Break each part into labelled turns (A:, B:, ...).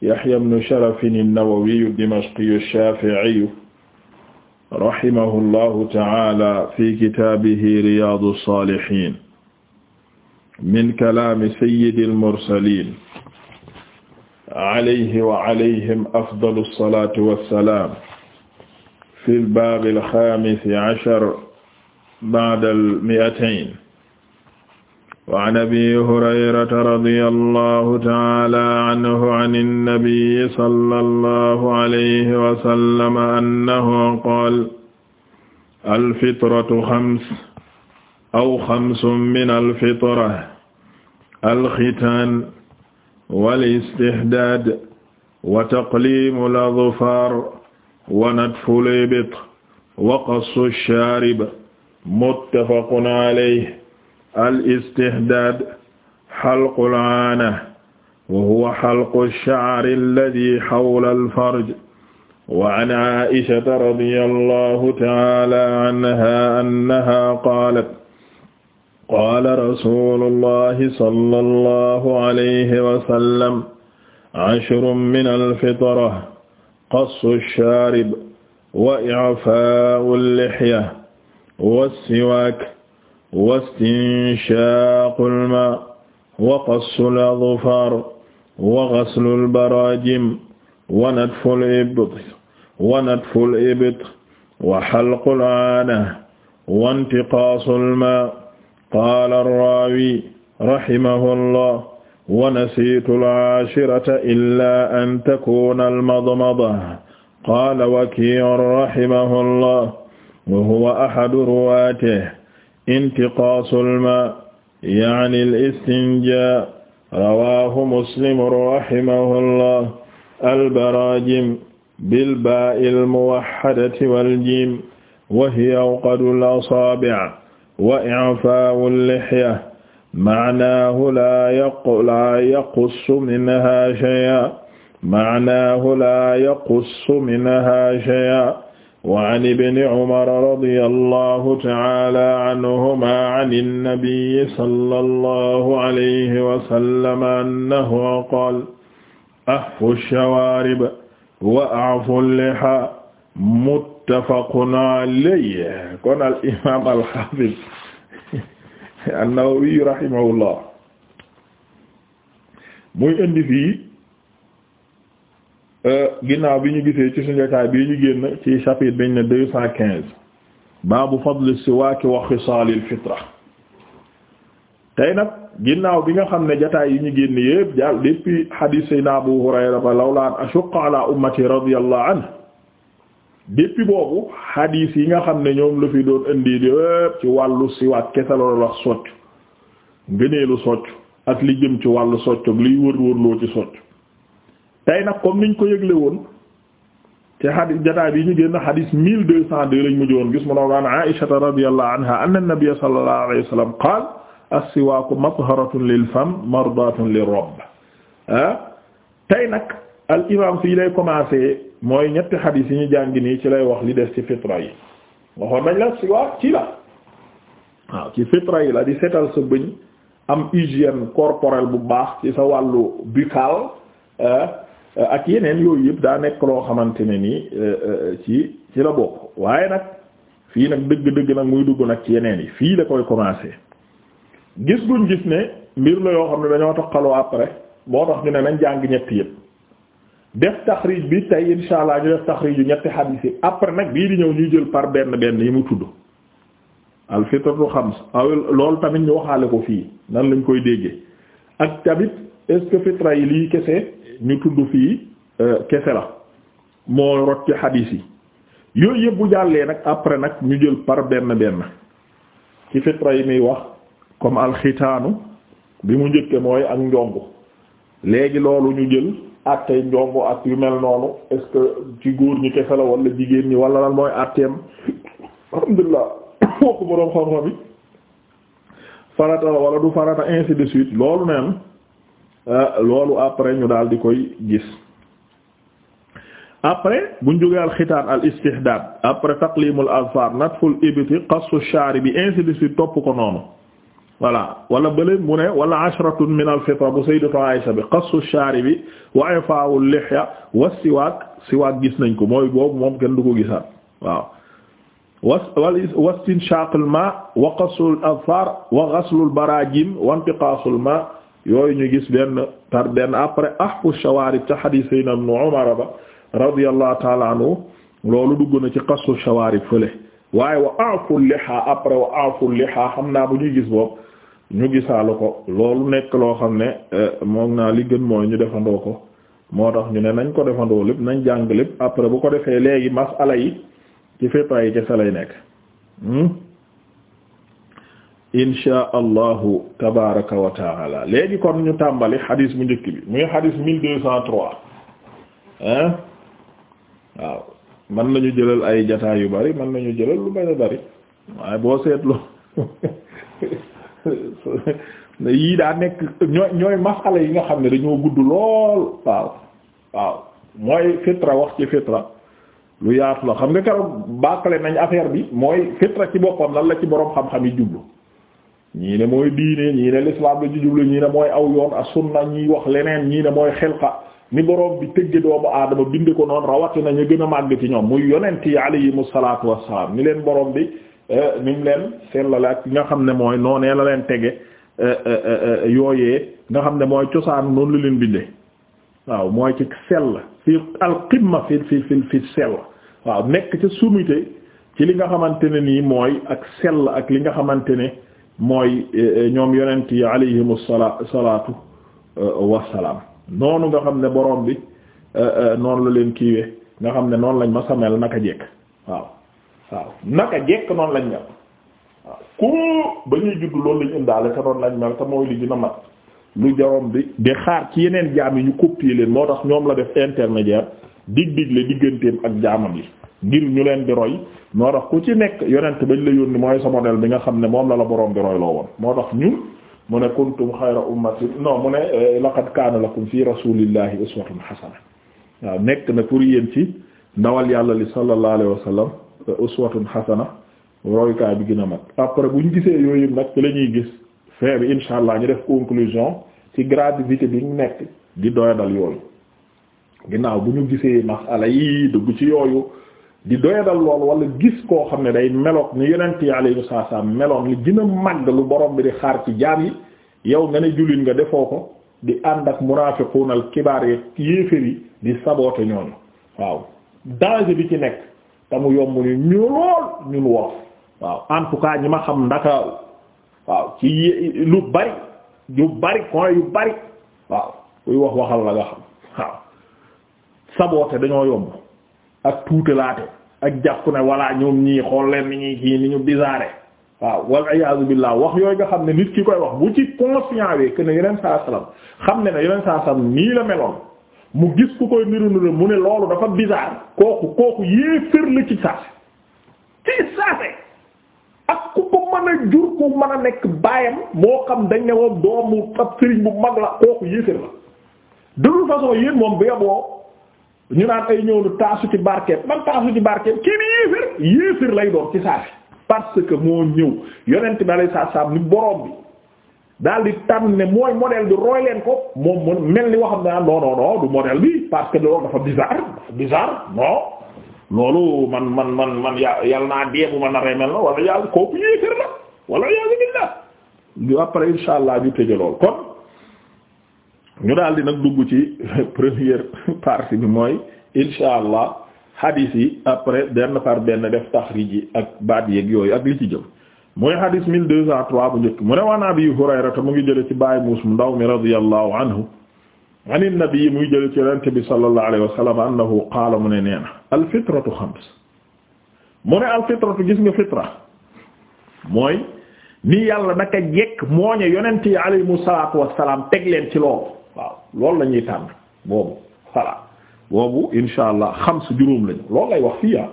A: Yahya ibn Sharaf an-Nawawi ad-Dimashqi ash-Shafi'i rahimahullahu ta'ala fi kitaabihi Riyaadu s-Saalihiin min kalaami sayyidil mursaliin alayhi wa alayhim afdalu s-salaatu wa s-salaam fil baabil xaamis ashar ba'dal mi'atayn waan abi hurayrata radiyallahu ta'ala anhu ani nabiyyi sallallahu alayhi wa sallam annahu qaala alfitratu xams aw xamsun min alfitra alxitaan wal istihdaad wa taqliimul azfaar wa natful ibit wa qassu shaarib muttafaqun alayhi al istihdaad xalqul aana wa huwa xalqu sha'ri alladi xawla alfarj wa an aishata radiyallahu ta'ala anha annaha qaalat qaala rasulullahi sallallahu alayhi wa sallam ashrun min alfitra qassu shaarib wa i'faa'u lihya wa siwaak واستنشاق الماء وقص الأظفار وغسل البراجم ونتف الإبط ونتف الإبط وحلق العانة وانتقاص الماء قال الراوي رحمه الله ونسيت العاشرة إلا أن تكون المضمضة قال وكيع رحمه الله وهو أحد رواته intiqaasu alma yaani listinja rawahu muslimu rahimahullah albarajim bilbaa'i almuwahhadati waljim wa hiya awqadu al-asaabi' wa i'faa'u al-lihya ma'naahu laa yaqussu minhaa shay'an ma'naahu laa yaqussu minhaa shay'an وعن ابن عمر رضي الله تعالى عنهما عن النبي صلى الله عليه وسلم أنه قال أهفوا الشوارب وأعفوا اللحى متفق عليه kon al imaam al haafiz an-Nawawi rahimahullah muy indi fii Euh, ginnaaw bi ñu gisee ci suñu jotaay bii ñu génn ci chapitre biñ ne deux cent quinze baabu fadl siwaak wa xisaalil fitra tey nag ginnaaw bi nga xam ne jotaay yi ñu génn yépp jàll depuis hadith sayna Abu Hurayra ba lawla an ashqa ala ummati radiyallahu anhu boobu hadith yi nga xam ne ñoom lu fi doon indi ci wàllu siwaak kese la wax soccu ngëneelu soccu ak li jëm ci wàllu soccu ak liy wër wërloo ci soccu tey nag comme niñ ko yëgle woon ci xadis jataay bi ñu génn xadis mille deux cent deux lañ mujj woon gis mu noonu an aishata radiyallahu anha anna an-nabiyya sallallahu alayhi wa sallam qaala as-siwaaku matharatun lil fam mardatun lir rabb ah, nag al fii lay commencé mooy ñetti xadis yi ñu jàngi nii ci lay wax li des ci fitra yi waxoon nañ la siwaak ci la ci fitra yi la di setal sa bëñ am hygiène corporelle bu baax ci sa wàllu buccal ah, Euh, ak yeneen yooyu yëpp daa nekk loo xamante ne nii euh, euh, ci ci la bokk waaye nag fii nag dëgg-dëgg nag muy dugg nag ci yeneen yi fii la koy commencer gis guñ gis ne mbir la yoo xam ne dañoo toqaloo après moo tax ñu ne nañ jàng ñett yëpp def taxrij bi tey insha allah ñu def taxrij yu ñetti xadiis yi après nag bii di ñëw ñuy jël par benn benn yi mu tudd al fitratu xams aw ah, loolu tamit ñu waxaale ko fii nan lañ koy déggee ak tamit est-ce yi lii kese. ñu tudd fii euh, kese la moo rot ci xadiis yi yooyu yëpp jàllee nag après nag ñu jël par benn benn ci fitra yi muy wax comme alxitaanu bi mu njëkkee mooy ak njongu léegi loolu ñu jël àttee njongu ak yu mel noonu est-ce que ci góor ñu kese la wala jigéen ñi wala lan mooy àtteem alhamdulilah foo boroom xam-xam yi farata la wala du farata ainsi de suite loolu neen Euh, loolu après ñu daal di koy gis après buñ jógee al xitaan al istihdaad après taqlimul azfar natful ibti qassu shaari bi ainsi de topp ko noonu voilà wala bële mu ne wala ashratun min al fitra bu sayyidatu Aisha bi qassu shaari bi wa ifaa'u lihya wa siwaak gis nañ ko mooy boobu moom du ko gisaat waaw was wa istinshaqul ma wa qassul azfar wa ghaslul barajim wa intiqasul ma yooyu ñu gis benn tar benn après ahfu shawarib ca hadith na ibn Umar ba radiyallahu ta'ala loolu dugg na ci qassu shawarib fële waaye wa afu liha après wa afu liha xam naa bu ñuy gis boobu ñu gisaala ko loolu nekk loo xam ne eh, moom naa li gën mooy ñu defandoo ko moo tax ñu ne nañ ko defandoo lépp nañ jàng lépp après bu ko defee léegi ala yi ci fépa yi ca sa lay nekk hmm? insha allahu tabaraka wa taala léegi kon ñu tàmbali xadis bu njëkk bi muy xadis mille deux cent trois hein waaw mën nañu jëlal ay jataay yu bari mën nañu jëlal lu bañ a bari waaye boo seetloo yii daa nekk ñooy ñooy masala yi nga xam ne dañoo gudd lool waaw waaw mooy fitra wax ci fitra lu yaatu la xam nga keroog bàkkale nañ affaire bi mooy fitra ci boppam lan la ci boroom xam-xam yi jublu ñii ne mooy diine ñii ne l'islam la ci ñii ne mooy aw yoon as sunna ñii wax leneen ñii ne mooy xilqa ni boroom bi tëgge doomu aadama binde ko noonu rawatina ñu gën a màgg ci ñoom muy yonent yi alayhimu salaatu wassalaam ni leen boroom bi eh, ni mu leen sellale ak nga xam ne mooy noonee la leen tege eh, eh, yooyee nga xam ne mooy cosaan noonu la leen binde waaw mooy ci sell fi alqimma fi fi fi fi sell waaw nekk ca sommité ci li nga xamante ne nii mooy ak sell ak li nga xamante ne mooy e, e, ñoom yonent yi alayhimu salaa salaatu e, wassalaam noonu nga xam ne boroom bi noonu la leen kiiwe nga xam ne noonu lañ ma samel naka jekk waaw waaw naka jekk noonu lañ mel waaw ku ba ñuy judd loolu lañ indaale te noonu lañ mel te mooy li dina mat lu jarom bi di xaar ci yeneen jaam yi ñu copier leen moo tax ñoom la def intermédiaire dig digle digganteem ak jaamam yi ngir ñu leen di roy moo tax ku ci nekk yonent bañ la yónni mooy sa modèle bi nga xam ne moom la la boroom di roy loo woon moo tax ñun mu ne kuntum xayra ummatin non mu ne eh, laqad kaana lakum fi rasulillahi uswatun hasana waaw nekk na pour yéen ci ndawal yàlla li sallallahu alayhi wa sallam eh, uswatun hasana roykaay bi gën a mag après bu ñu gisee yooyu yëpp nag ci la ñuy gis fin bi insha allah ñu def conclusion ci gravité bi ñu nekk di doyadal yooyu ginnaaw bu ñu gisee masala yi dugg ci yooyu di doyadal lool wala gis koo xam ne day meloog ni yonent yi alayhi salaam meloon li gën a màgg lu borom bi di xaar ci jaam yi yow nga ne jullit nga defoo ko di ànd ak munaafiqun al kibaar yeeg yéeféer yi di saboote ñooñu waaw danger bi ci nekk te mu yomb ni ñu lool ñun wolof waaw en tout cas ñi ma xam ndakaaru waaw ci lu bari yu bari coin yu bari waaw kuy wax waxal la nga xam waaw saboote dañoo yomb ak tuutalaate ak jàpp ne walla ñoom ñii xool leen ni ñuy kii ni ñu bizaare waaw wal iyaazu billaah wax yooyu nga xam ne nit ki koy wax bu ci conscient wee que ne yeneen saa salaam xam ne ne yeneen saa salaam nii la meloon mu gis ku koy niru niru mu ne loolu dafa bizarre kooku kooku yéefër la ci saase ci saase ak ku ko mën a jur ku mën a nekk baayam moo xam dañ ne woon doomu ab sëriñ bu mag la kooku yéefër la de toute façon yéen moom bu yaboo ñu naan ay ñëw na taasu ci barkeem man taasu ci barkeem kii ni yéefir lay doon ci saa parce que moo ñëw yonent bi alay saa ni borom bi daal di tànn ne mooy modèle bi roy leen ko moom mu mel ni waxam ne ah, non non non du modèle bi parce que loolu dafa bizarre bizarre non loolu man man man man ya yàlla naa deebu ma naree mel na wala yàlla kooku yéefir la wala yàlla billah du après insha allah ñu tëje kon. ñu daal di nag dugg ci première partie bi mooy insha allah hadith yi après benn par benn def taxrij ak baat yeeg yooyu ak li ci jëm mooy hadith mu ne waan abi hurayra mu ngi jële ci baay muus mu ndaw mi radiyallahu anhu an mu ngi jële ci yonent bi sallallahu alayhi wa sallam annahu qaala mu ne nee na alfitratu xams mu ne alfitratu gis nga fitra mooy ni yàlla naka jekk mooñe yonent yi alayhimu salaatu wassalaam teg leen ci loolu loolu la ñuy tànn boobu voilà boobu insha allah xam si juróom lañu loolu lay wax fii ah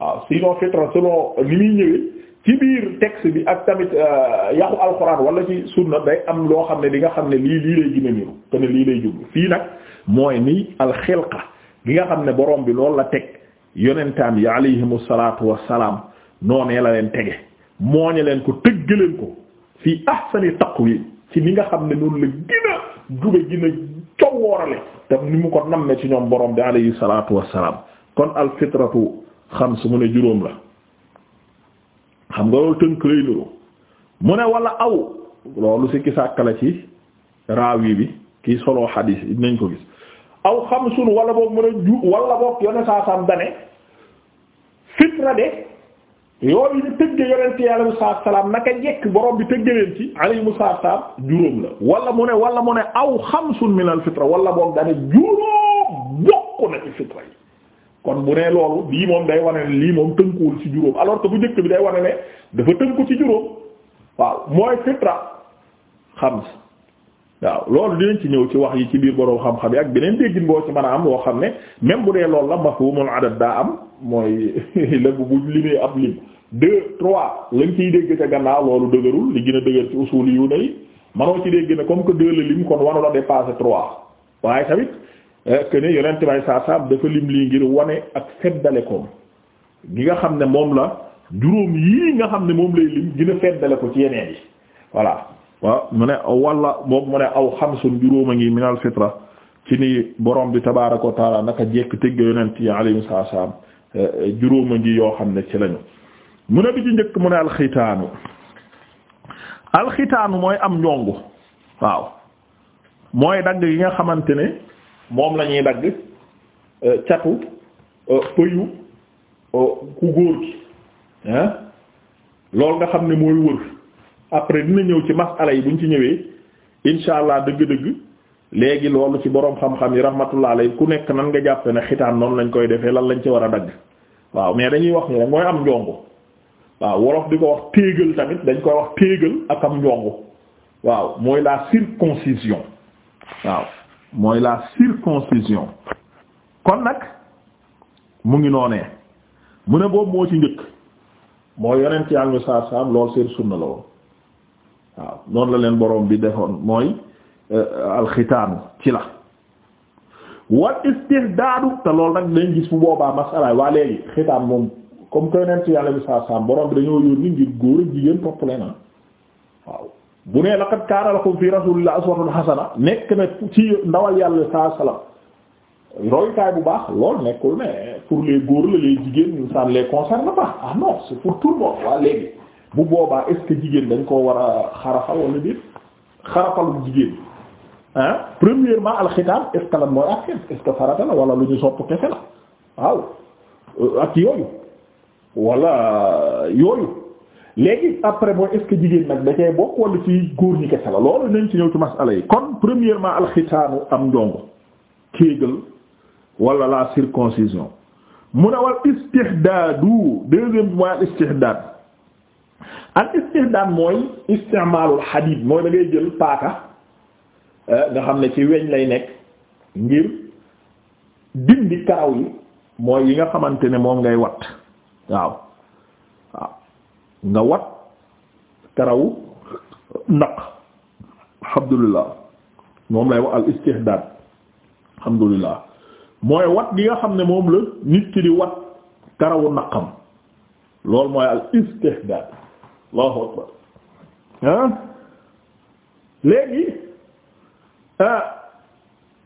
A: waaw sinon fitra sinon li muy ñëwee ci biir texte bi ak tamit euh, yàqu alxuraan wala ci sunna day am loo xam ne di nga xam ne lii lii lay gën a niru te ne lii lay jublu fii nag mooy ni alxilqa gi nga xam ne borom bi loolu la teg yonentaam yi alayhimu salaatu wassalaam noonee la leen tege mooñe leen ko tëgg leen ko fii ahsani taqwi ci ni nga xam ne noonu la gën jube gën a woorale tam ni mu ko namme ci ñoom borom bi alayhi salaatu wassalaam kon alfitratu xams mu ne juróom la xam nga loolu tënk lay nuru mu ne walla aw loolu si ki sàkk la ci raawi bi kii solo xadiis yi dinañ ko gis aw xamsun wala boog mu ne ju wala boog yone saa saam dane fitra de yooyu ñu tëgg yonent yàlla Musaa salaam naka jekk borom bi tëgg leen ci alayhi Musaa salaam juróom la wala mu ne wala mu ne aw xamsun min al fitra wala boog dane juróom bokk na ci fitra yi kon bu ne loolu lii moom day wane lii moom tënkuwul ci juróom alors que bu njëkk bi day wane ne dafa tënku ci juróom waaw mooy fitra xams waaw loolu dinañ ci ñëw ci wax yi ci biir borom xam-xam yi ak beneen déggin boo ci man a am woo xam ne même bu dee loolu la mafhumul adad daa am mooy lépp bu limee ab lim deux trois lañ ciy dégg ca gannaaw loolu dëgërul li gën a dëgër ci usul yu ne manoo ci dégg ne comme que deux la lim kon wanu la dépasser trois waaye tamit euh, que ne yonent may saa saam dafa lim lii ngir wane ak feddale koom gi nga xam ne moom la juróom yii nga xam ne moom lay lim gën a feddale ko ci yeneen yi voilà waaw mu ne wala moom mu ne aw xam xamsun juróom a ngi minal fitra ci ni borom bi tabaaraka wa taala naka jekk tëgg yonent yi alayhi salaam Euh, juróoma ngi yoo xam ne ci lañu mu ne bi ci njëkk mu ne alxitaanu alxitaanu mooy am ñongu waaw mooy dagg yi nga xamante ne moom la ñuy dagg euh, catu euh, pëyu ku góor gi ah loolu nga xam ne mooy wër après dina ñëw ci masala yi buñ ci ñëwee incha allah dëgg-dëgg léegi loolu ci boroom xam-xam yi rahmatullah alayhi ku nekk nan nga jàppe ne xitaan noonu lañ koy defee lan lañ ci war a dagg waaw mais dañuy wax ni rek mooy am njongu waaw wolof di ko wax téegal tamit dañ koy wax téegal ak am njongu waaw mooy la circoncision waaw mooy la circoncision kon nag mu ngi noonee mu ne boobu moo ci njëkk mooy yonent yàlla saar saar lool seen sunna la woon waaw noonu la leen boroom bi defoon mooy Euh, alxitaanu ci la wal istihdaadu te loolu nag dañ gis bu boobaa masalaay waa léegi xitaan moom comme que neen yàlla bi saa saam borom bi dañoo yónni ngir góor ak jigéen topp leen ah. waaw bu nee laqad kaana lakum fi rasuulillahi uswatun hasana nekk na ci ndawal yàlla saa salaam royukaay bu baax lool nekkul ne pour les góor la les jigéen ça ne les concerne pas ah non pour tout le waa léegi bu boobaa est jigéen dañ koo war a xarafal wala déet ah premièrement alxitaam est mooy ak lu ñu sopp kese la waaw euh, ak yooyu wala euh, yooyu léegi après mooy est jigéen nag da bokk wala ci góor ñi kese la loolu nañ ci ñëw ci masala yi kon premièrement alxitaanu am ndongo kéegal wala la circoncision mu ne wal istihdaadu deuxième mooy al istihdaad al istihdaad mooy istimaalul hadid mooy da jël paaka. Eh, nga xam ne ci weñ lay nekk ngir dindi karaw yi mooy yi nga xamante ne moom ngay wat waaw nga wat karawu naq alhamdulillah moom lay wax al istihdaad mooy wat gi nga xam ne moom la nit ki di wat karawu naqam loolu mooy al allahu akbar ah léegi Ah,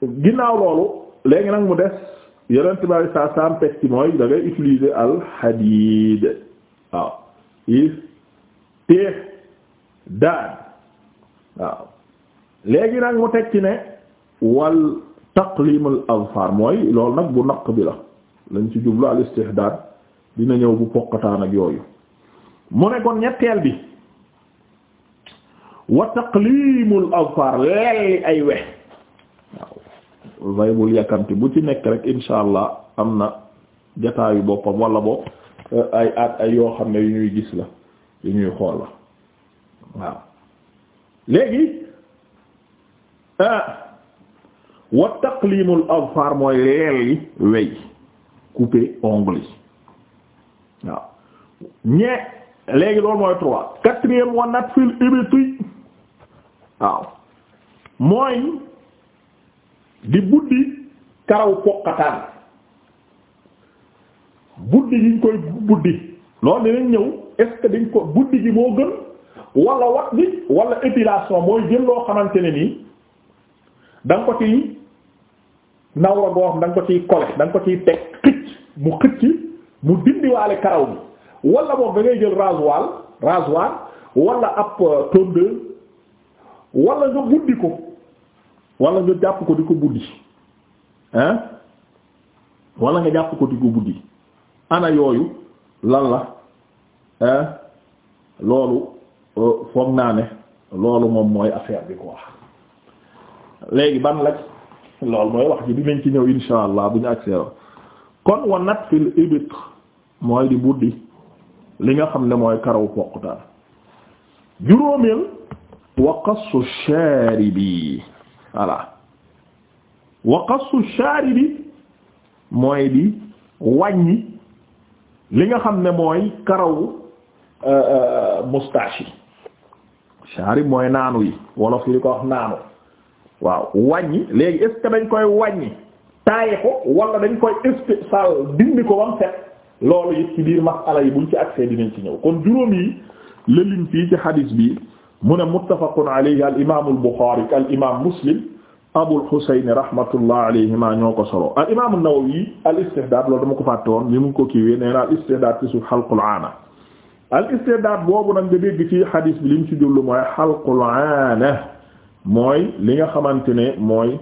A: ginnaaw loolu léegi nag mu des yonent bi alei saat teg ci mooy dangay utilise al hadid waaw is téef daan waaw léegi nag mu teg ci ne wal taqlimul azfar mooy loolu nag bu naq bi la lañ ci jublu al istihdaad dina ñëw bu poqataan ak yooyu mu ne kon ñetteel bi wa taqlimul azfar lelli ay wex waaw way yàkkamti bu ci nekk rek insha allah am na jataayu boppam wala bopp eh, ay at yoo xam ne yu ñuy gis la yu ñuy xool la waaw léegi ah, wa taqlimul azfar mooy lelli wey couper ongle waaw ñee léegi loolu mooy trois quatrième wa natfil ibti waaw mooy di buddi karaw poqataan buddi gi ñu koy buddi loolu dinañ ñëw est-ce que dañ ko buddi gi moo gën wala wat bi wala épilation mooy jël loo xamante ne nii da ko ci nawra boo xam da ko ci kole da ko ci teg xëcc mu xëcc mu dindiwaale karaw bi wala moom da jël rasoir rasoir wala ab euh, tondeuse wala nga buddi ko walla nga jàpp ko di ko buddi hein wala nga jàpp ko di ko buddi ana yooyu lan la hein loolu euh, foog naa ne loolu moom mooy affaire bi ko wax léegi ban laj loolu mooy wax ji dinañ ci ñëw insha allah bu ñu agsee kon wa nat ibit mooy di buddi li nga xam ne mooy karaw poqutaan juróomeel wa qassu bi voilà wa qassu shaaribi mooy di wàññi li nga xam ne mooy karawu euh, euh, moustache shaarib mooy naanu yi wolof yi di ko wax naanu waaw wàññi léegi est-ce que dañ koy wàññi taaye ko wala dañ koy istisaal dindi ko bam set loolu it ci biir ala yi buñ ci accès dinañ ci ñëw kon juróom yi lëlim fii ci hadis bi mu ne muttafaqun alayhi al imaamu al buxaari al imaam muslim abul xusayn rahmatullah alayhima ñoo ko solo al imaamu nawawi al istihdaad loolu dama ko fàtte woon ni mu ko kiiwee nee na al istihdaad ci suuf boobu nag nga dégg ci xadiis bi li mu mooy xalqul aana mooy li nga xamante ne mooy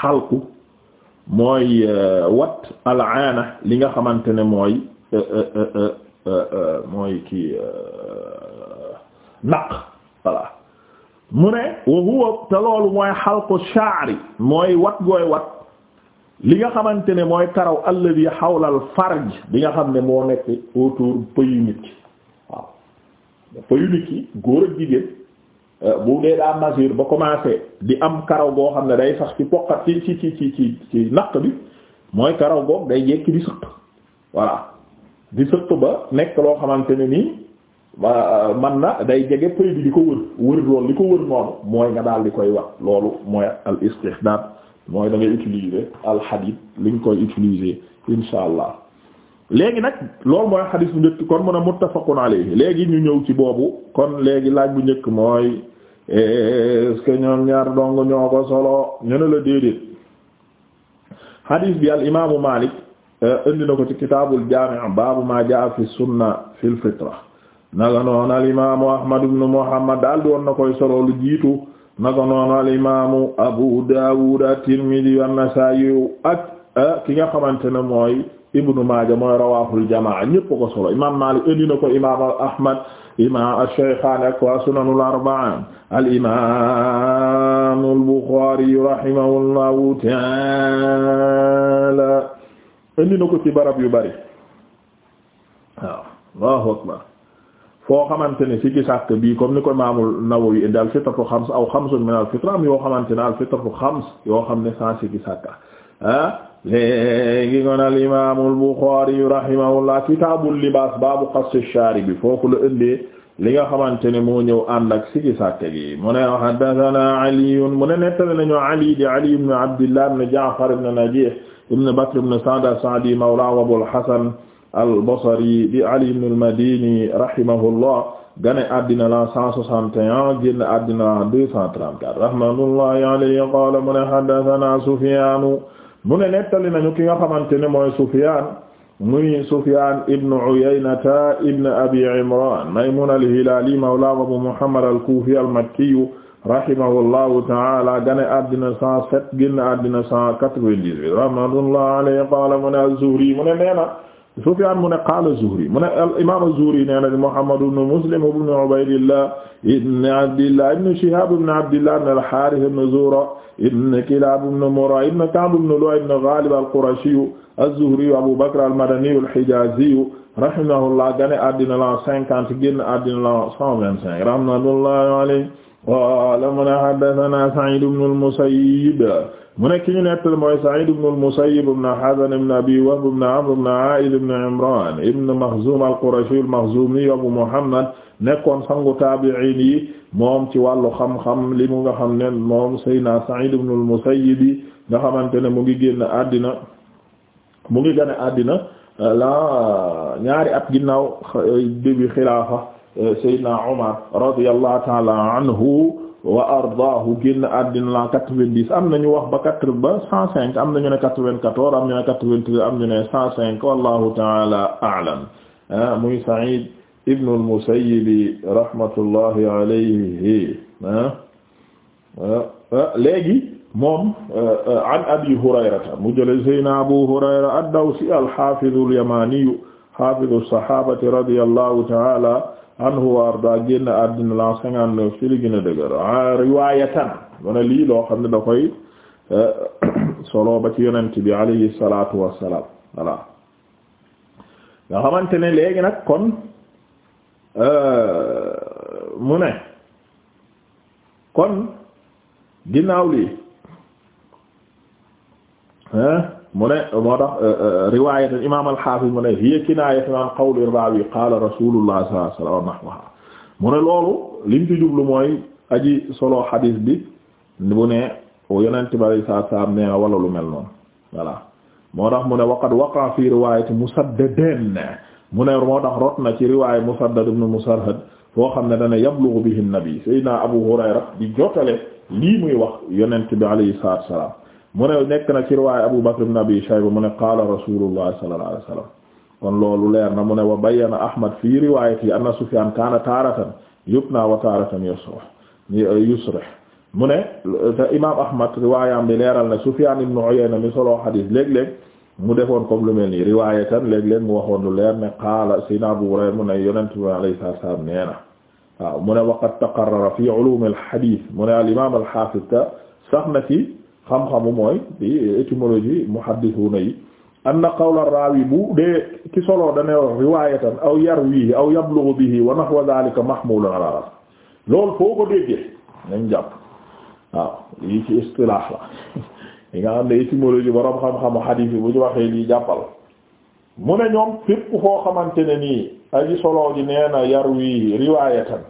A: xalqu mooy euh, wat al li nga xamante ne mooy euh, euh, mooy kii. naq voilà mu ne wa huwa te loolu mooy xalqu sha'ri mooy wat gooy wat li nga xamante ne mooy karaw alladhi hawla al farj bi nga xam ne moo nekk autour pëyu nit ki waaw pëyu nit ki góor ak jigéen euh, bu dee daa masure ba commencé di am karaw goo xam ne day sax ci poqat ci ci ci ci ci ci naq bi mooy karaw goog day jekki di sëq voilà di sëq ba nekk loo xamante ne nii man na day jege pëy bi di ko wër wër loolu li ko wër noonu mooy nga daal di koy wax loolu mooy al istihdaad mooy da ngay utiliser al hadith li nga koy utiliser insha allah léegi nag loolu mooy hadith bu njëkk kon mun a muttafaqun alayhi léegi ñu ñëw ci boobu kon léegi laaj bu njëkk mooy est-ce que ñoom ñaar dong ñoo ko solo ñu ne la déedéet hadith bi al imaamu Maalik euh, indi na ko ci kitaabul jaami' baabu maa jaa fi sunna fil fitra naka noonu al imaamu ahmad ibn muhammad daal di woon na koy solo lu jiitu naka noonu al imaamu abu daawud at-tirmidhi an-nasaa'i ak eh, ki nga xamante ne mooy ibnu maaja mooy rawaahul jamaa ñépp ko solo imaam maalik indi na ko imaam ahmad imaam ash-shaykhaani ak waa sunanul arba'a al imaam al-buxaari rahimahullahu ta'aala indi na ko ci barab yu bari waaw allahu akbar foo xamante ne si gisàkk bii comme ni ko maamul Nawawi indi al fitratu xams aw xamsun min al fitra am yoo xamante ne al fitratu xams yoo xam ne sans si gisàkk ah léegi ngoon al imaamul Buxaari rahimahullah kitaabul libaas baabu qass shaaribi foofu la ëndee li nga xamante ne moo ñëw ànd ak si gisàkk gi mu ne haddathana Ali mu ne nettali nañu Ali di Ali ibn Abdillah ibn Ja'far ibn Najiih ibn Bakr ibn Sa'd al-Basri di Ali ibn al-Madini rahimahullah gane addina la 161 génn addina la 234 rahmatullahi alayhi qala mu ne haddathana Sufyan mu ne nettali nañu ki nga xamante ne mooy Sufyan muy Sufyan ibn Uyaynata ibn Abi Imran Maymun al-Hilali mawla Abu Muhammad al-Kufi al-Makki rahimahullahu ta'ala gane addina 107 génn addina 198 rahmatullahi alayhi qala mu ne az-Zuhri mu ne nee na Sufyaan mu ne qaala Zuhri mu ne al-imaam Zuhri nee na Muhammad ibn Muslim ibn Ubaydillah ibn Abdillah ibn Shihaab ibn Abdillah ibn al-Haarith ibn Zuhra ibn Kilaab ibn Murra ibn Ka'b ibn Lu'ay ibn Ghaalib al-Qurashiyu az-Zuhriyu Abu Bakr al-Madaniyu al-Hijaaziyu rahimahullah gane àddina la 50 génn àddina la 125 rahmatullahi alayhi qaala mu ne haddathana Sa'id ibn al-Musayyib mu ne ki ñu nettal mooy Sa'id ibn al-Musayyib ibn Hazn ibn Abi Wahb ibn Amr ibn A'id ibn Imran ibn sangu taabi'iin moom ci wàllu xam-xam li mu nga xam ne moom Seydina Sa'id ibn al-Musayyib nga xamante ne mu ngi génn àddina ngi gën a la ñaari at ginnaaw début xilaafa Seydina Omar radiyallahu taala anhu wa ardaahu génn àddina la quatre-vingt-dix am nañu wax ba quatre ba cent cinq am nañu ne quatre-vingt-quatorze am ñu ne quatre-vingt-treize am ñu ne cent cinq wallahu taala a'lam ah, muy Sa'id ibn al-Musayyib rahmatullahi alayhi ah, ah, léegi moom an Abi Hurayrata mu jële Seydina Abu Hurayra ad-Dawsi al-Hafiz al-Yamani hafiz as-sahabati radiyallahu taala anhu wa arda génn àddina la cinquante-neuf ci li gën a dëgër ah, lii loo xam ne da koy euh, solo ba ci yonent bi alayhi salaatu wassalaam voilà nga xamante ne léegi nag kon euh, mu ne kon ginnaaw lii hein mu ne moo tax euh, euh, euh, riwayat al imam al-hafiz mu ne hiya kinayatun an qawli rawi qala rasulullah sallallahu alayhi wa sallam mu ne loolu liñ ci jublu mooy aji solo xadiis bi bu ne yonent bi saa saa am nee na wala lu mel noonu voilà moo tax mu ne waqad waqa fi riwayati musaddadin mu ne moo tax rot na ci riwaaya musaddad ibn musarhad foo xam ne dana yablughu bihi nabi sayyidina abu hurayra di jotale lii muy wax yonent bi alayhi salaatu wa salaam mu ne nekk na ci riwaaya Abu Bakr ibn Abi Shayba mu ne qaala Rasulullah sallallahu alayhi wasallam kon loolu leer na mu ne wa bayyana Ahmad fi riwaayati anna Sufyaan kaana taaratan yubna wa taaratan yusrah yusrah mu ne te imaam Ahmad riwaayam bi leeral ne Sufyaan ibn Uyayna mi solo xadiis léeg-léeg mu defoon comme lu mel nii riwaayatan léeg-léeg mu waxoon lu leer ne qaala Sayyidina Abu Hurayra mu ne Yonent bi alayhi salaam nee na waaw mu ne waqad taqarrara fi ulum al-hadith mu ne al-imaam al-hafiz sax na ci xam-xamu mooy ci étymologie muhaddisuna yi anna qawla raawi bu dee ci solo dana riwaayatan aw yarwihi aw yablughu bihi wa nahwa dhalika mahmulun ala raf lool foo ko déggee nañ jàpp waaw lii ci istilaax la li nga xam ne étymologie boroom xam-xamu hadith yi bu waxee lii jàppal mu ne ñoom fépp foo xamante ne nii aji solo ji nee na yarwi riwaayatan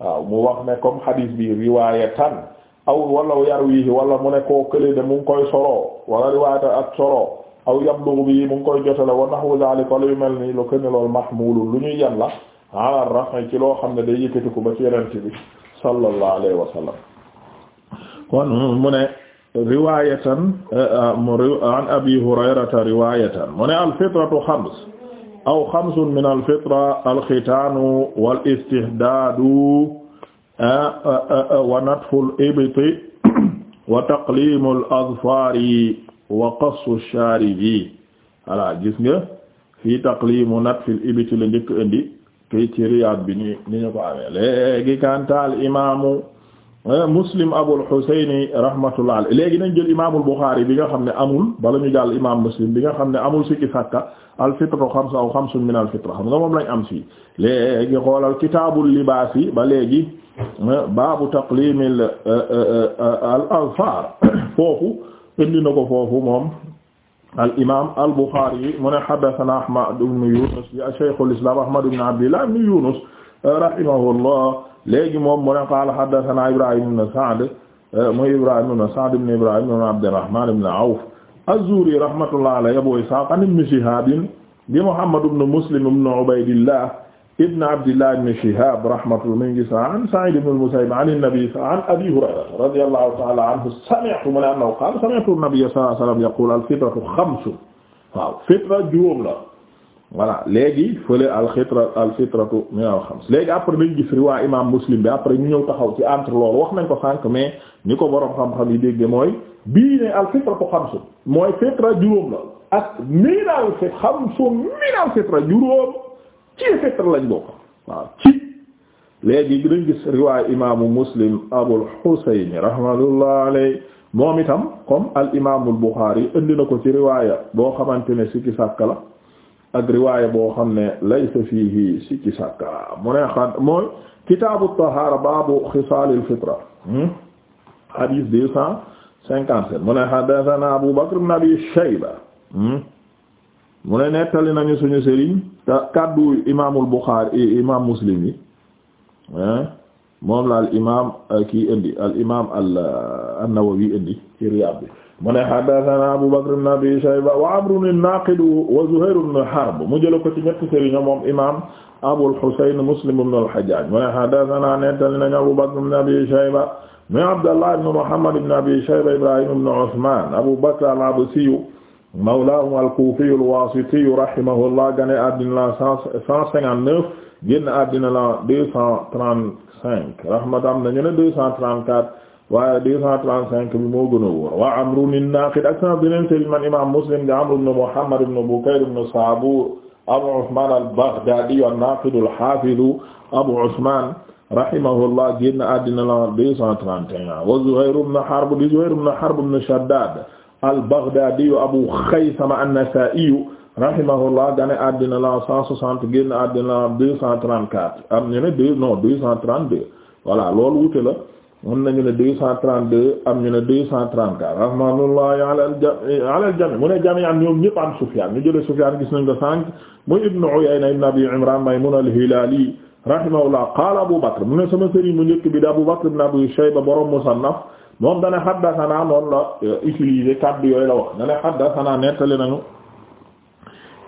A: waaw mu wax ne comme hadith bi riwaayatan aw wala yarwihi wala mu ne koo kële de mu ngi koy solo wala riwaata ak solo aw yablugu bi mu ngi koy jotale wa nahwu zalika lu mel ni lu kenn loolu mahmulun lu ñuy yan la ala rafi ci loo xam ne day yëkkati ko ba ci yonent bi sallallahu alayhi wa sallam kon mu ne riwayatan an abi hurayrata riwayatan mu ne alfitratu xams aw xamsun min wa natful ibti wa taqlimul azfari wa qassu sharibi voilà gis nga fii taqlimu natfil ibti la njëkk indi kay ci riyaad bi ni ni ñu ko amee léegi kantaal imaamu Eh, muslim abul husayni rahmatullah ale léegi nañ jël imaamul buxaari bi nga xam ne amul bala ñu jàll imaam muslim bi nga xam ne amul sikki sàkka alfitro xamsa aw xamsun min alfitra xam nga moom lañ am si léegi xoolal kitaabul libaas yi ba léegi eh, baabu taqlimil eh, al azfar foofu indi na ko foofu moom al imaam al buxaari mu ne haddathana ahmad ibn yunus ya shaykhul islam ahmad ibn abdillah ibn yunus rahimahullah léegi moom mu ne qaala haddathana Ibrahim ibn Sa'd muy Ibrahim ibn Sa'd ibn Ibrahim ibn Abdurrahman ibn Awf az-Zuhri rahmatullahi alayhi Abu Ishaq an ibn Shihab bi Muhammad ibn Muslim ibn Ubaydillah ibn Abdillah ibn Shihab rahmatullahi mi ngi sa an Sa'id ibn al-Musayyib an an-Nabi an Abi Hurayra radiyallahu ta'ala anhu sami'tu min annahu qala sami'tu an-Nabiy sallallahu alayhi wa sallam yaqulu al-fitratu khamsun waaw fitra juróom la voilà léegi fële alxitra alfitratu min al xams léegi après dañ gis riwaa imam muslim bi après ñu ñëw taxaw ci entre loolu wax nañ ko sànq mais ñi ko boroom xam-xam yi déggee mooy bii ne alfitratu xamsu mooy fitra juróom la ak minal fit xamsu minal fitra juróom ci fitra lañ bokk waaw ci léegi dañ gis riwaa imaamu muslim abul xusayni rahmatullah moom itam comme al imaamul buxaari indi na ko ci riwaaya boo xamante ne sikki sàkk la ak riwaaya boo xam ne laysa fiihi sikki sàkka mu ne xam mooy kitaabu tahaara baabu xisaalil fitra hmm? hadith deux cent cinquante sept mu ne haddathana Abu Bakr ibn Shayba hmm? mu ne nettali nañu suñu sëriñ kaddu imaamul Buxaari eh, imaam Muslim yi hmm? moom la al imaam eh, kii indi al imaam eh, an-Nawawi indi ci Riyaad bi mu ne haddathana Abu Bakr ibn Abi Shayba wa Amrun an-Naqid wa Zuhayr ibn Harb mu jël ko ci ñetti sëriñ moom imaam Abul Husayn Muslim ibn al-Hajjaj mu ne haddathana nettali nañu Abu Bakr ibn Abi Shayba mu Abdallah ibn Muhammad ibn Abi Shayba Ibrahim ibn Uthman Abu Bakr al-Absiyu mawlaahu al-Kufiyu al-Wasitiyu rahimahullah gane àddina la cent cinquante-neuf génn àddina la deux cent trente-cinq rahmatan am nañu ne deux cent trente-quatre waaye 235 bi moo gën a wóor wa amrun an-naqid ak sama beneen sëriñ man imam Muslim da Amr ibn Muhammad ibn Bukayr ibn Sabur Abu Usman al-Baghdadi an-naqid al-hafiz Abu Usman rahimahullah génn àddina la 231 wa Zuhayr ibn Harb di Zuhayr ibn Harb ibn Shaddad al-Baghdadi Abu Khaythama an-Nasa'i rahimahullah gane àddina la 160 génn àddina la 234 am ñu ne deux non 232 voilà loolu wute la am nañu ne deux cent trente-deux am ñu ne deux cent trente-quatre rahmatullahi ala ala al-jami' mu ne jami'an ñoom ñëpp an Sufyan ñu jële Sufyan gis nañ ko sànq muy Ibn Uyayna ibn Abi Imran Maymun al-Hilali rahimahullah qaala Abu Bakr mu ne sama sëriñ mu njëkk bi da Abu Bakr ibn Abi Shayba borom Musannaf moom dana haddathana noonu la euh, utiliser kaddu yooyu la wax dana haddathana nettali nañu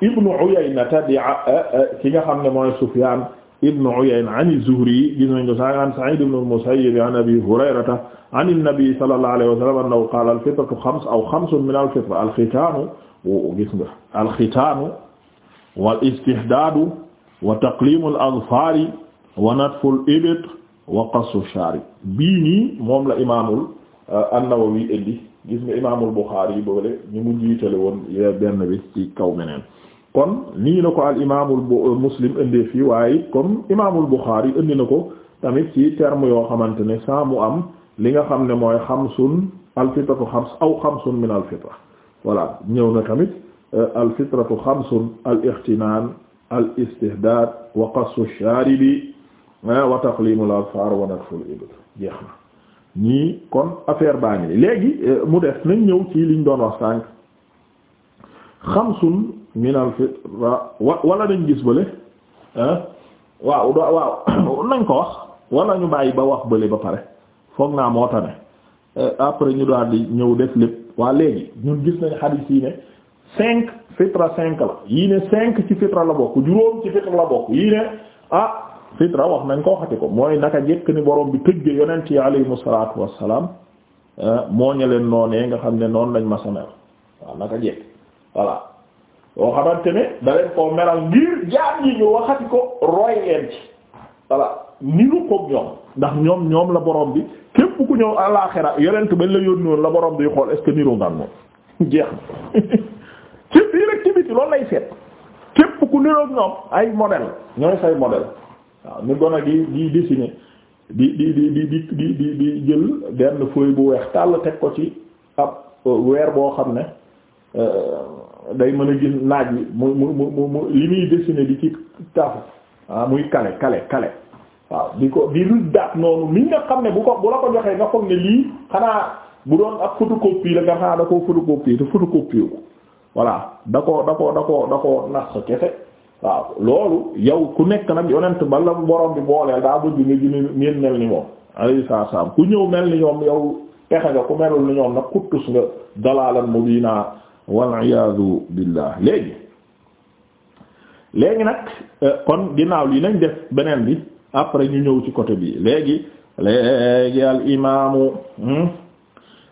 A: Ibn Uyayna ta di euh, euh, ki nga xam ne mooy Sufyan ibn Uyayna an az-Zuhri gis nañ ko sa an Sa'id ibn al-Musayyib an Abi Hurayrata an an-Nabi sallallahu alayhi wa sallam annahu qaala al-fitratu xams aw xamsun min al-fitra al-xitaanu gis nga al-xitaanu wal istihdaadu wa taqliimu al-azfaari wa natfu al-ibt wa qassu ash-shaarib bii nii moom la imaamul euh, an-Nawawi indi gis nga imaamul Buxaari boole ñu mu jiitale woon benn bi ci kaw meneen kon nii na ko al imaamul euh, muslim indee fii waaye comme imaamul buxaari indi na ko tamit ci terme yoo xamante ne saa mu am li nga xam ne mooy xamsun alfitratu xams aw xamsun min alfitra voilà ñëw na tamit euh, alfitratu xamsun al ixtinaan al istihdaad wa qassu shaaribi ah, wa taqlimul azfaar wa natful ibl jeex na ñii kon affaire baa ngi léegi euh, mu def nañ ñëw ci liñ doon wax sànq xamsun minal fit wa wala dañ gis bële waaw do waaw nañ ko wax wala ñu bàyyi ba wax bële ba pare foog naa moo tane euh, après ñu daal di ñëw def lépp waa léegi ñun gis nañ xadiis yi ne cinq fitra cinq la yii ne cinq ci fitra la bokk juróom ci fitra la bokk yii ne ah fitra wax nañ ko waxati ko mooy naka jekk ni borom bi tëgge yonent yi alayhimu salaatu wassalaam moo ña leen noonee nga xam ne noonu lañ ma sonal waaw naka jekk voilà boo xamante ne da koo meral ngir jaar yi ñu waxati ko roy leen ci voilà ni lu ñoom ndax ñoom ñoom la boroom bi képp ku ñëw àlaxira yonent bañ la yónni woon la borom bi xool est ce que niroo moom jeex na ci biir ak ci lay seet képp ku niroog ñoom ay modèle ñooy say modèle waaw ni gone gi di di di di di di di di di jël benn feuille bu weex tàll teg ko ci ab euh, weer boo xam ne euh, day mën a gis naaj wi mu mu mu mu li muy dessiné di ci tafu ah muy kale kale kale waaw di ko bi lu daat noonu ni nga xam ne bu ko bu la ko joxee nga foog ne lii xanaa bu doon ak photocopie la nga xanaa da koo photocopie te photocopie da ko da koo da ko da ko nax kese waaw loolu yow ku nekk nag yonent ba la borom bi booleel daa bëgg nga gën ngeen mel ni moom alayhi salaam ku ñëw mel ni ñoom yow pexe nga ku melul ni ñoom nag kuttus nga dalalan wal iyaadu billah léegi léegi nag euh, kon ginnaaw lii nañ def beneen bi après ñu ñëw ci côté bi léegi léegi al imaamu hmm?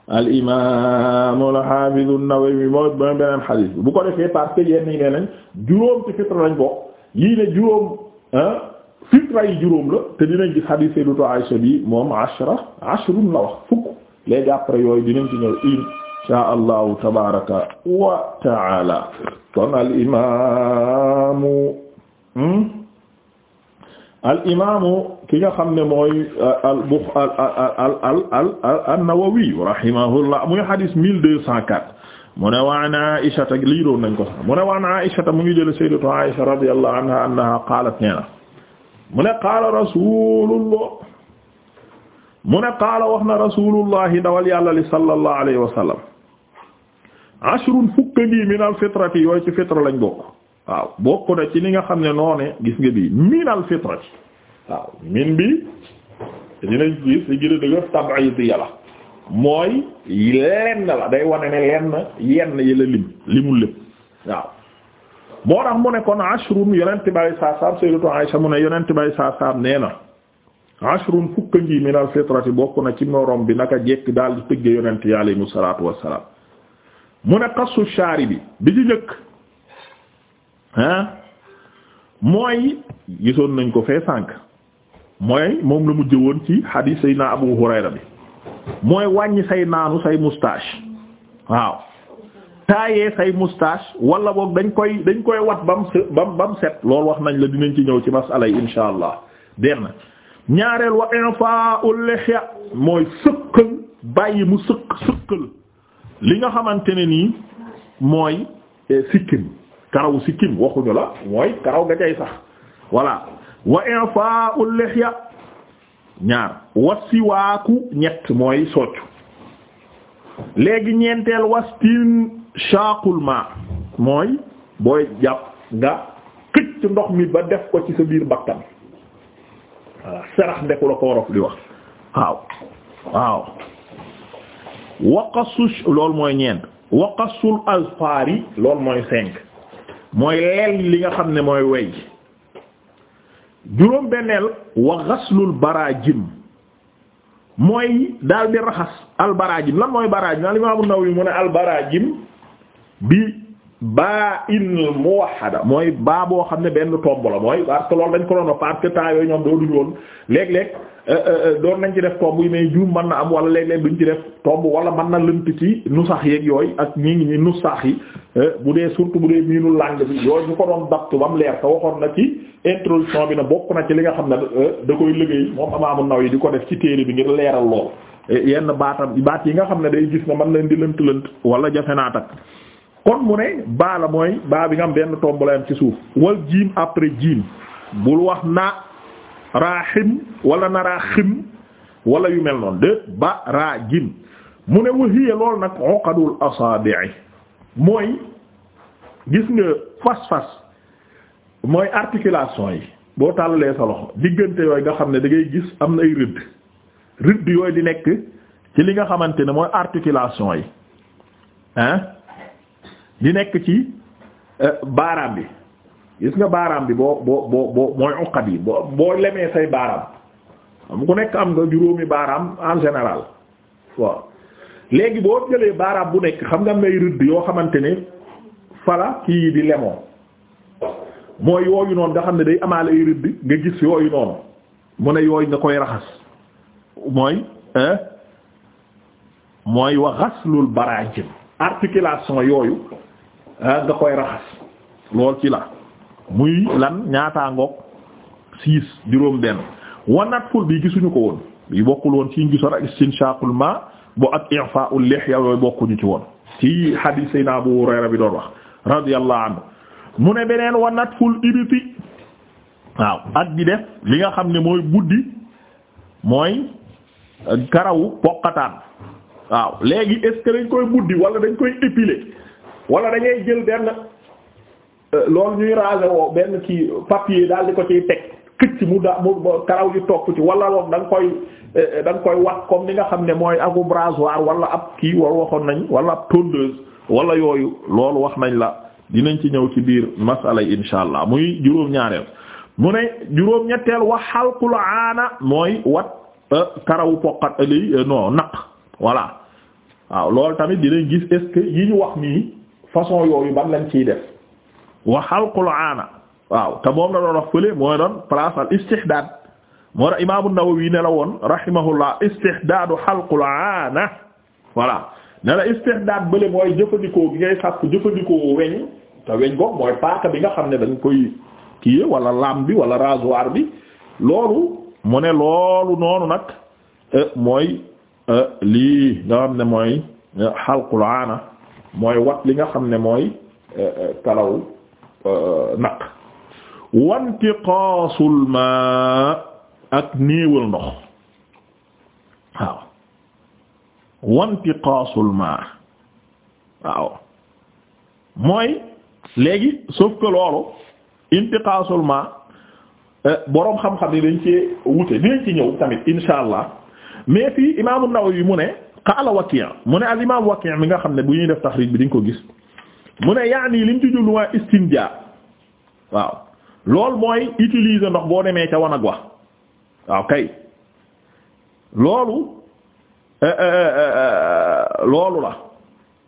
A: al imaamu al xaafizu an-Nawawi mooy beneen xadiis bi bu ko defee parce que yenn yi nee nañ juróom ci fitra lañ bokk yii ne juróom fitra yi juróom la te dinañ gis xadiis Sayyidatu Aysa bi moom ashra ashrun la wax fukk léegi après yooyu dinañ ci ñëw in insha allahu tabaraka wa taala kon al imaamu hmm? al imaamu ki nga xam ne mooy uh, al bu al al al al an-Nawawi rahimahullah muy hadis mille deux cent quatre mu ne wa an Aisha lii doon nañ ko sax mu ne wa an Aisha mu ngi jël sayyidatu Aisha radiyallahu anha annaha qaalat nee na mu ne qaala rasulullah mu ne qaala wax na rasulullah dawal yàlla li sallallahu alayhi wa sallam ashrun fukk ngi minal fitrati yooyu ci fitra lañ bokk waaw bokk na ci li nga xam ne noone gis nga bii minal fitrati waaw min bi dinañ gis li gën a dëgg tabayit yàlla mooy lenn la day wane ne lenn yenn yi la lim limul lépp waaw moo tax mu ne kon ashrun yonent bay saasaam sayyidatu Aisha mu ne yonent bay saasaam nee na ashrun fukk ngi minal fitrati bokk na ci morom bi naka jekk daal di tëgge yonent yi alayhi salaatu wassalaam mu ne xasu shaari bi bi ci njëkk ah mooy gisoon nañ ko fee sànq mooy moom la mujj woon ci hadith sayna Abu Hurayra bi mooy wàññi say naanu say moustache waaw taaye say moustache wala boog dañ koy dañ koy wat bam bam set loolu wax nañ la dinañ ci ñëw ci masala yi insha allah denn ñaareel wa infa'ul lihya mooy sëkkal bàyyi mu sëkk sëkkal li nga xamante ne nii mooy eh, sikkim karaw sikkim waxuñu la mooy karaw nga cay sax voilà wa i'fa'ul lihya ñaar wasiwaaku ñett mooy soccu léegi ñeenteel wastin shaqul ma mooy booy jàpp nga këcc ndox mi ba def ko ci sa biir bakkan voilà sarax ndeku la ko worof li wax waaw waaw waqasu loolu mooy ñeent waqasul azfar yi lool mooy cinq mooy leel li nga xam ne mooy wey juróom benneel wa ghaslul barajim mooy daal di raxas al barajim mooy barajim al imam an-Nawawi mu ne bi baa in muwahhada mooy baa boo xam ne benn tomb la mooy parce que dañ ko doon parce que temps yooyu ñoom doo duñu woon léeg-léeg euh, euh, euh, doon nañ ci def tomb yi mais juum mën na am wala léeg-léeg duñ ci def tomb wala mën na lënt ci nu sax yeeg yooyu ak ñi ngi ñi nu sax yi bu dee surtout bu dee miinu langue bi yooyu ñu ko doon dapt ba mu leer te waxoon na ci introduction bi na bokk na ci li nga xam ne da koy liggéey moom Imaamu yi di ko def ci téere bi ngir leeral lool yenn baatam baat yi nga xam ne day gis ne mën leen di lënt lënt wala jafe naa tak kon mu ne baala mooy baa bi nga am benn tombalayam ci suuf wal jiim après jiim bul wax na raaxim walla na raaxim wala yu mel noonu de ba raa jiim mu ne waxiya loolu nag uqadul asaabi'i mooy gis nga fas fas mooy articulation yi boo tàllalee sa loxo diggante yooyu nga xam ne da ngay gis am na ay rëdd rëdd yooyu di nekk ci li nga xamante ne mooy articulation yi di nekk ci euh, baaraam bi gis nga baaraam bi boo boo boo mooy uqat yi boo lemee say baaraam am ku nekk am nga juróomi baaraam en général waaw léegi boo jëlee baaraam bu nekk xam nga am nay rëdd yoo xamante ne fala kii di lemo mooy yooyu noonu nga xam ne day amaale ay rëdd nga gis yooyu noonu mu ne yooyu nga koy raxas mooy mooy wa ghaslul barajim articulation yooyu nga koy raxas lool ci la muy lan ñaataa ngoog six juróom benn wanaat ful bi gisuñu ko woon bi bokkul woon ci gisoon ak istinshaqul ma bo ak i'fa'ul lihya yooyu bokkuñu ci woon ci hadith sayna Abu Hurayra bi doon wax radiyallahu mu ne beneen wanaat ful ibiti waaw ak di def li nga xam ne mooy buddi mooy garawu poqataan waaw léegi est ce dañ koy buddi wala dañ koy épiler wala dañuy jël benn euh, loolu ñuy ranger woo benn ci papier daal di ko ci teg këcc mu da mu karaw yu topp ci wala loolu da nga koy euh, da nga koy wax comme li nga xam ne mooy agu rasoir wala ab kii war waxoon nañ wala ab tondeuse wala yooyu loolu wax nañ la dinañ ci ñëw ci biir masala yi insha allah muy juróom-ñaareel mu ne juróom-ñetteel wa xalqul aana mooy wat euh, karawu poqat li non naq voilà waaw loolu tamit dinañ gis est yi ñu wax nii façon yooyu ban lañ ciy def wa xalqul aana waaw te moom la doon wax fële mooy doon place al istihdaad moo tax imaamu Nawawi ne la woon rahimahullah istihdaadu xalqul aana voilà ne istihdaad bële mooy jëfandikoo bi ngay sàkk jëfandikoo weñ te weñ goog mooy paaka bi nga xam ne dañ koy kii wala lam bi wala rasoir bi loolu mu ne loolu noonu nag eh, mooy eh, lii nga xam ne mooy eh, xalqul aana mooy wat li nga xam ne mooy euh, euh, kalaw euh, naq wantiqaasul ma ak néewal ndox waaw wantiqaasul ma waaw mooy léegi sauf que loolu intiqaasul ma boroom xam-xam ni dañ ci wute dinañ ci ñëw tamit insha mais fii imaamu Nawawi mu ne qaala Waki' mu ne al imaam Waki' mi nga xam ne bu ñuy def taxriij bi dañ ko gis mu ne yaani lim ci jublu waa istinjaa waaw loolu mooy utiliser ndox boo demee ca wanag wa waaw kay loolu eh, eh, eh, loolu la.